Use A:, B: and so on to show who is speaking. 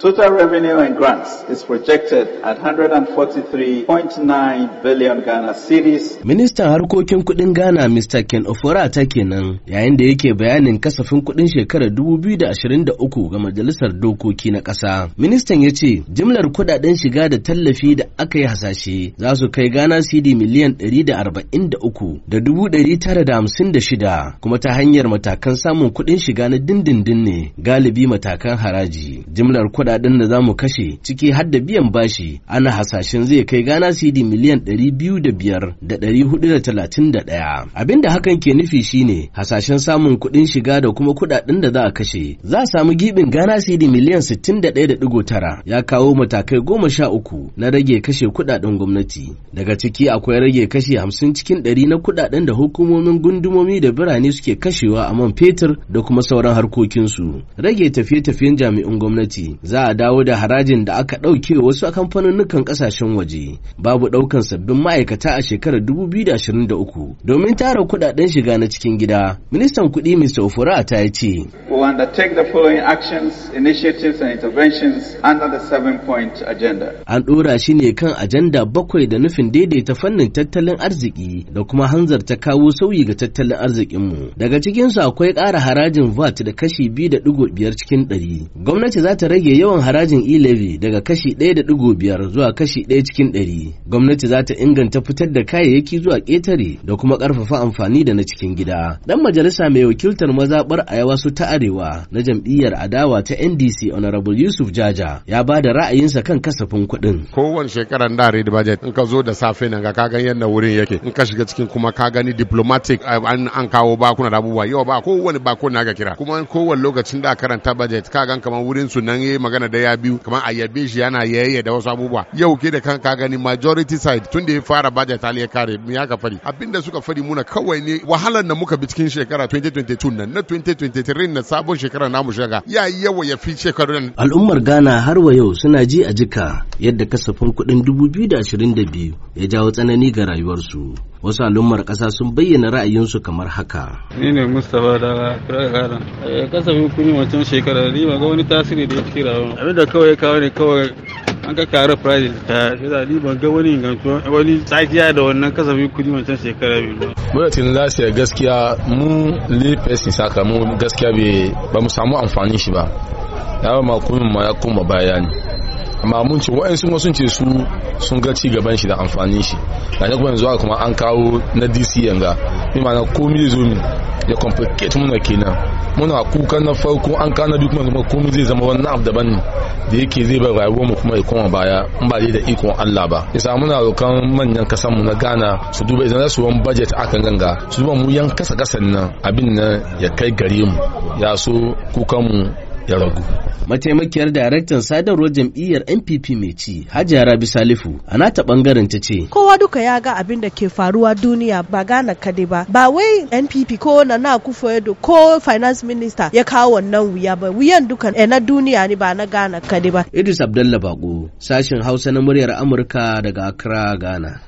A: Total revenue and grants is projected at 143.9 billion Ghana cedis.
B: Ministan harkokin kudin Ghana Mr. Ken ta kenan yayin da yake bayanin kasafin kudin shekarar 2023 ga Majalisar Dokoki na kasa. Ministan ya ce jimlar kudaden shiga da tallafi da aka yi hasashe za su kai Ghana cedi miliyan 143 da 956 kuma ta hanyar matakan samun kudin shiga na dindindin ne galibi matakan haraji. Jimlar kudaden kuɗaɗen da za mu kashe ciki har da biyan bashi ana hasashen zai kai gana cd miliyan ɗari ɗari biyu da da da da biyar hudu talatin Abin da hakan ke nufi shine hasashen samun kuɗin shiga da kuma kuɗaɗen da za a kashe. Za a samu gibin gana cd miliyan sittin ɗaya tara. ya kawo matakai goma sha uku na rage kashe kuɗaɗen gwamnati. Daga ciki akwai rage kashe hamsin cikin ɗari na kuɗaɗen da hukumomin gundumomi da birane suke kashewa a man fetur da kuma sauran harkokinsu. Rage tafiye-tafiyen jami'in gwamnati za za a dawo da harajin da aka ɗauke wasu kamfanonukan ƙasashen waje babu ɗaukan sabbin ma'aikata a shekarar 2023 domin tara kuɗaɗen shiga na cikin gida ministan kuɗi mr ofura ta yi ce
A: will undertake the
B: an ɗora shi ne kan ajanda bakwai da nufin daidaita fannin tattalin arziki da kuma Hanzar ta kawo sauyi ga tattalin arzikinmu daga cikinsu akwai ƙara harajin vat da kashi biyu da ɗigo biyar cikin ɗari gwamnati za ta rage yawan yawan harajin e-levy daga kashi 1.5 zuwa kashi 1 cikin 100 gwamnati za ta inganta fitar da kayayyaki zuwa ƙetare da kuma ƙarfafa amfani da na cikin gida dan majalisa mai wakiltar mazaɓar yawa su ta arewa na jam'iyyar adawa ta ndc honorable yusuf jaja ya ba da ra'ayinsa kan kasafin kuɗin kowane shekarar da read budget in ka zo da safe nan
C: ka gan yadda wurin yake in ka shiga cikin kuma ka gani diplomatic an kawo bakuna da abubuwa yau ba kowane na ga kira kuma kowane lokacin da karanta budget ka gan kamar wurin su nan yi eh, magana magana da ya biyu kamar a yabe shi yana yayye da wasu abubuwa yau ke da ka gani majority side tun da ya fara bada taliya ya kare ya ka fari abinda suka fari muna kawai ne wahalar da muka bi cikin shekara 2022 nan na 2023 na sabon shekara namu shaga ya yawa ya fi shekarun al'ummar
B: Ghana har wa yau suna ji a jika yadda kasafin kuɗin 2022 ya jawo tsanani ga rayuwarsu wasu al'ummar ƙasa sun bayyana ra'ayinsu kamar haka.
A: Ni ne Mustapha da Firagara. Eh, kasafin kuni wancan shekara ni ba ga wani tasiri da ya kira ba. Abin da kawai kawai ne kawai an ka kara price ta shi da ni ban ga wani ingantuwa wani tsakiya da wannan kasafin kuni wancan shekara biyu ba. Gwamnatin lasiya gaskiya mu lefesi saka mu gaskiya ba mu samu amfani shi ba. ba ma kuma ya kuma baya amma mun ce wa'in sun sun ce su sun ga ci gaban shi da amfanin shi na ne kuma yanzu kuma an kawo na dc yanga bi ma na komi zai zo ya complicate muna kenan muna kukan na farko an kana duk kuma kuma komi zai zama wani abu daban da yake zai bar rayuwar mu kuma ya koma baya in ba da ikon Allah ba yasa muna rokan manyan kasan mu na Ghana su duba idan su wani budget akan ganga su duba mu yan kasa kasan nan abin nan
B: ya kai gare mu ya so kukan mu ya ragu. Mataimakiyar daraktan sadarwar jam'iyyar NPP mai ci Rabi Salifu, a nata bangaren ta ce. Kowa duka ya ga abin da ke faruwa duniya ba gana kade ba. Ba wai NPP ko na na yadda ko finance minister ya kawo wannan wuya ba. Wuyan duka eh, na duniya ne ba na gana kade ba. Idris Abdullahi Bako sashen Hausa na muryar Amurka daga Accra, Ghana.